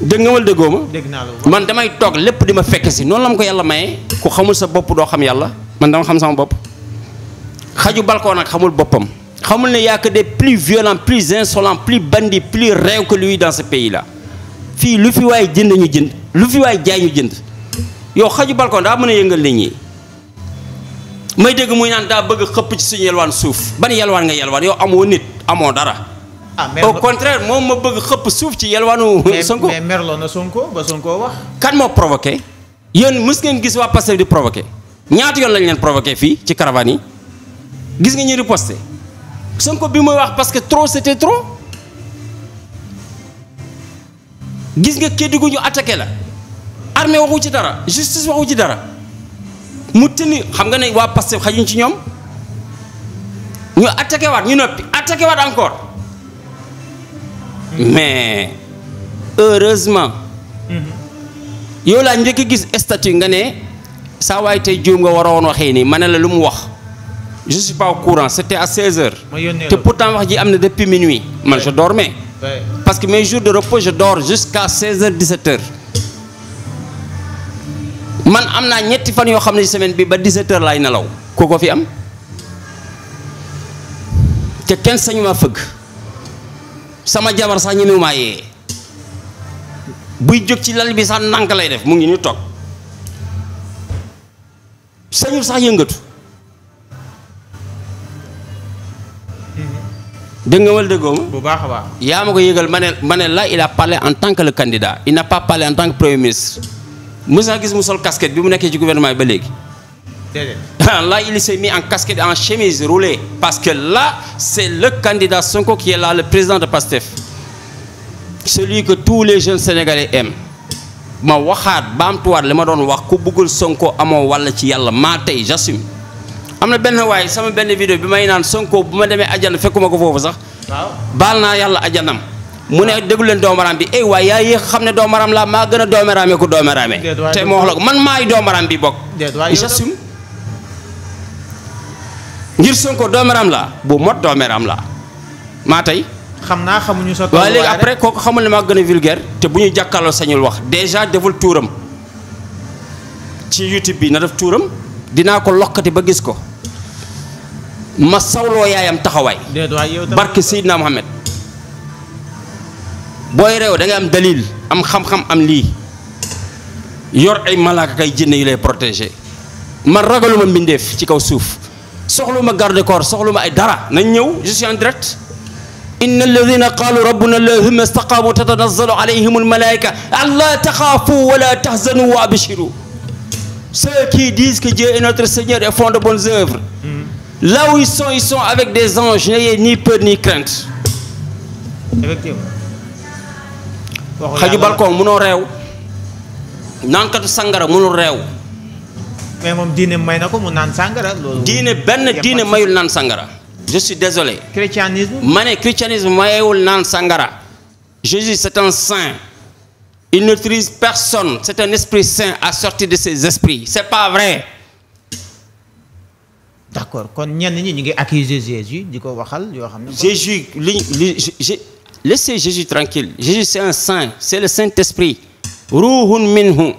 dégg nga wala déggoo ma. dégg naa la man damay toog lépp di ma fekk si noonu la ma ko yàlla maye. ku xamul sa bopp doo xam yàlla man dama xam sama bopp xaju balkoo nag xamul boppam. xamul ne y a que des plus violents plus insolents plus bandits plus réew que lui dans ce pays là fii lu fi waaye jënd ñu jënd lu fi waay jaay ñu jënd yow xaju balkon daa mën a yëngal nit ñi may dégg muy naan daa bëgg xëpp ci suñu yelwaan suuf ba ban yelwaan nga yelwaan yow amoo nit amoo dara. ah au contraire moom ma bëgg xëpp suuf ci yelwaanu. Sonko mais merloo Sonko ba Sonko wax. kan moo provoqué yéen mës ngeen gis waa Pastef di provoqué ñaata yoon lañ leen provoqué fii ci caravane yi gis nga ñu riposté Sonko bi muy wax parce que trop c'était trop gis nga Kédougou ñu attaqué la armée waxu ci dara justice waxu ci dara mu tënni xam nga ne waa Pastef xajuñ ci ñoom ñu attaqué waat ñu noppi attaqué waat encore. mais heureusement. yow laa njëkk gis statut nga ne saa waay tey juum nga waroon waxee nii ma ne la lu mu wax. je suis pas au courant c'était à 16 heures. te pourtant wax ji am na depuis minuit. man je dormais. parce que mes jour de repos je dors jusqu'à 16 heures 17 heures. man am naa ñetti fan yoo xam ne semaine bi ba 17 heures laay nelaw. kooko fi am te kenn sañu ma fëgg. sama jabar sax ñemewumaa yee buy jóg ci lal bi sax nank lay def mu ngi ni toog sañul sax yëngatu dégg nga wala déggoo ma bu baax a baax yaa ma ko yëgal ma ne ma ne la il a parlé en tant que le candidat il n'a pas parlé en tant que premier ministre mos naa gis mu sol casquette bi mu nekkee ci gouvernement bi ba léegi Là, il s'est mis en casquette, en chemise roulée. Parce que la c'est le candidat Sonko qui est là, le président de PASTEF. Celui que tous les jeunes Sénégalais aiment. ma waxaat baamtuwaat li ma doon wax ku bëggul Sonko amoo walla ci yàlla maa tey j'assume am na benn waaye sama benn vidéo bi may naan Sonko bu ma demee ajana fekkuma ko foofu sax baal naa yàlla ajan ajanam mu ne déglu leen doomaraam bi ey eh waaye yaa xam ne doomaraam laa maa gën a doomaraamee la ko man ngir Sonko doomeram la bu mot doomeram la maa tey. xam naa xamuñu sa waaye léegi après kooku xamul ne maa gën a te bu ñuy jàkkaarloo sañul wax déjà deful tuuram ci YouTube bi na def tuuram dinaa ko lokkati ba gis ko ma sawloo yaayam taxawaay. barke Seydina Mohamed booy réew da am dalil am xam-xam am lii yor ay malaaka kay jinne yu lay protégé man ragaluma mbindeef ci kaw suuf. soxluma garde corps soxluma ay dara nañ ñëw je suis en direct inna alladina qaalu rabbuna allah humma istaqaamu tatanazzalu alayhim almalaika alla taxaafu wala tahzanu wa abshiru ceux qui disent que Dieu est notre Seigneur et font de bonnes œuvres mm-hmm. là où ils sont ils sont avec des anges n'ayez ni peur ni crainte xaju balcon munoo réew naankatu sangara munul réew mais moom diine may na ko mu naan sàngara loolu. diine benn diine mayul naan sàngara. je suis désolé. christianisme ma ne christianisme mayewul naan sàngara. Jésus c'est un saint. il n'utilise personne c'est un esprit saint à sortir de ses esprits c'est pas vrai. d'accord kon ñenn ñi ñu ngi accuser Jésus di ko waxal yoo xam ne. Jésus li li je laissez Jésus tranquille Jésus c'est un le Saint-Esprit. ruuhun minhu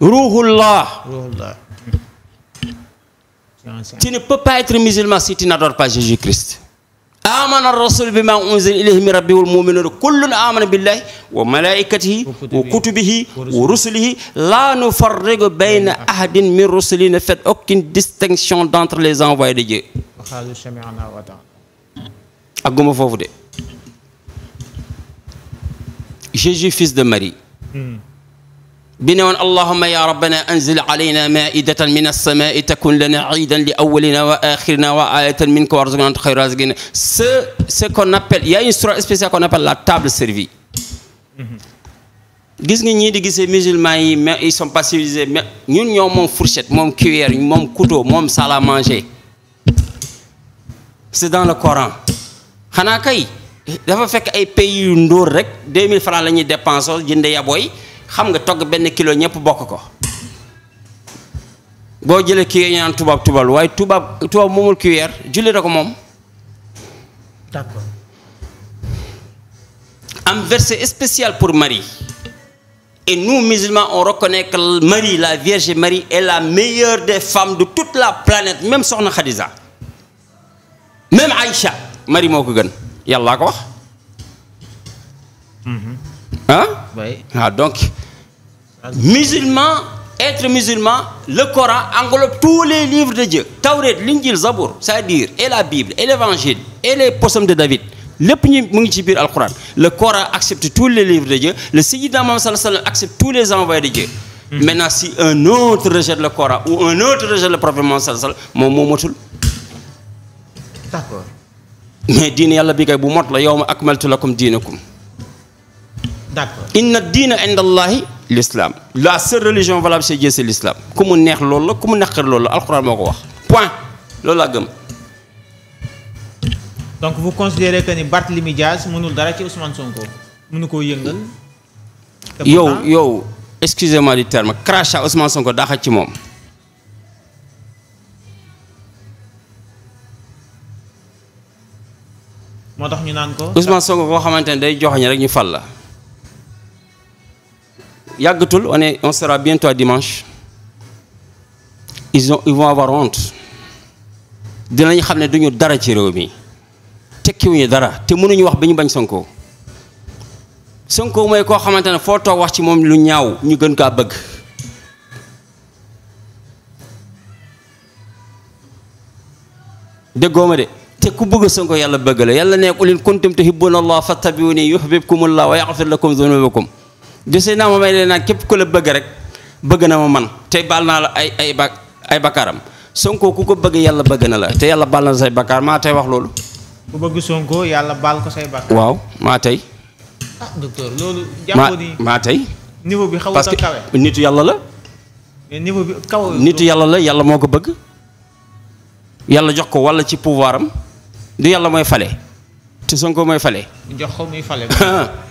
Ruhullah. Ruhullah. Tu Jésus-Christ. amana rasul bima unzila ilayhi min rabbihi wal mu'minuna kullun amana billahi wa malaikatihi wa kutubihi wa rusulihi la nufarriqu bayna ahadin min rusuli ne fait distinction d'entre les envoyés de Dieu agguma foofu de Jésus fils de Marie hmm. bi ne woon allahuma ya rabbana anzil alayna min alsamai takun lana iidan li awalina wa axirina wa minka warzuqna wa anta xayru raziqin ce ce qu'on appelle y a la table servie gis nga ñii di gisee musulmans yi mais ils sont pas civilisés mais c'est dans le Coran xanaa kay dafa fekk ay pays yu ndóor rek 2000 francs la ñuy dépensé jënde xam nga togg benn kilo ñëpp bokk ko boo jëlee kii ñaan tubaab tubal waaye tubaab tubaab moomul cuillère julli da ko moom d'accord am verset spécial pour Marie et nous musulmans on reconnaît Marie la Vierge Marie est la meilleure des femmes de toute la planète même Soxna Khadija même Aïcha Marie moo ko gën yàllaa ko wax mhm. ah waaw donc musulman être musulman le Coran englobe tous les livres de Dieu Tawret l'Injil Zabour c'est-à-dire et la Bible et l'évangile et les psaumes de David lépp ñu mu ngi ci biir alquran le Coran accepte tous les livres de Dieu le Sayyidina Muhammad sallallahu alayhi sallam accepte tous les envoyés de Dieu hmm. maintenant si un autre rejette le Coran ou un autre rejette le prophète Muhammad sallallahu alayhi sallam moom moo motul d'accord mais diine yàlla bi bu mot la yawma akmaltu lakum diinakum d'accord inna diina inda l'islam la seule religion valable chez Dieu c'est l'islam ku mu neex loolu la ku mu naqar loolu la alxuraan moo ko wax point loolu laa gëm. donc vous considérez que ni Barthélemy Diaz mënul dara ci Ousmane Sonko mënu koo yëngal. yow yow excusez-moi du terme crachat Sonko daa xaj ci moom. moo tax ñu naan ko. Ousmane Sonko koo xamante ne day joxoñ rek ñu fal la. yàggatul on est on sera bientôt à dimanche ils ont ils vont avoir honte dinañ xam ne duñu dara ci réew mi te kiw tekkiwuñu dara te mënuñu wax bi ñu bañ Sonko Sonko mooy koo xamante ne foo toog wax ci moom lu ñaaw ñu gën kaa bëgg déggoo ma de te ku bëgg Sonko yàlla bëgg la yàlla ne qul in kuntum tuhibbuna allah fattabiuni la wa yaghfir lakum dhunubakum gisee naa ma may leen naan képp ku la bëgg rek bëgg na ma man te baal naa la ay ay ba ay bakkaaram Sonko ku ko bëgg yàlla bëgg na la te yàlla baal na say bakkaar maa tey wax loolu. ku bëgg yàlla baal ko say bakkaar. waaw maa tey. ah niveau bi xawul sa kawe nitu yàlla la. mais niveau bi kaw nitu yàlla la yàlla moo ko bëgg. yàlla jox ko walla ci pouvoiram du yàlla mooy fale. te Sonko mooy fale. jox ko fale.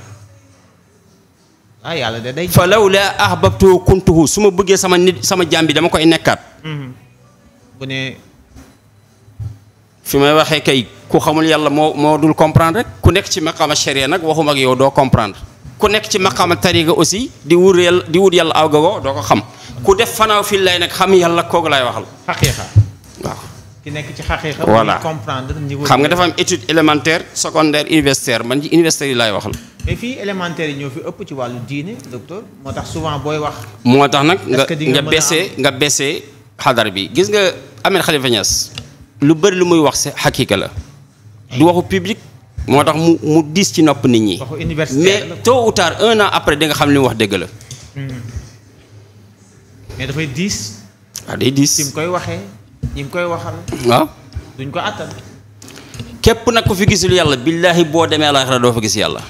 ah yàlla de day. fa law la ahbabtu kuntuhu su ma bëggee sama nit sama jaam dama koy nekkaat. Mm-hmm. fi may waxee kay ku xamul yàlla moo moo dul comprendre ku nekk ci maqaama sharia nag waxuma ak yow doo comprendre ku nekk ci maqaama tariqa aussi di wut yàlla di wut yàlla aw doo ko xam ku def fanaaw fii lay nag xam yàlla kooku lay waxal. xaqiiqa waaw. nekk ci xaqiiqa. voilà comprendre xam nga dafa am étude élémentaire secondaire universitaire man ci universitaire yi laay waxal. mais fii élémentaire yi ñoo fi ëpp ci wàllu diine moo tax souvent booy wax. moo tax nag nga nga bese nga bese xadar bi gis nga Ahmed Khalifa Niass lu bëri lu muy wax si xaqiqa la du waxu public moo tax mu mu diis ci nopp nit ñi. mais tôt ou tard un après di nga xam li wax dëgg la. Hmm. mais dafay diis. waaw ah, day diis fi mu koy waxee ñi mu koy waxal. Ah. ko attan. képp nag ku fi gisul yàlla billaahi boo demee àllaaxira doo fa gis yàlla.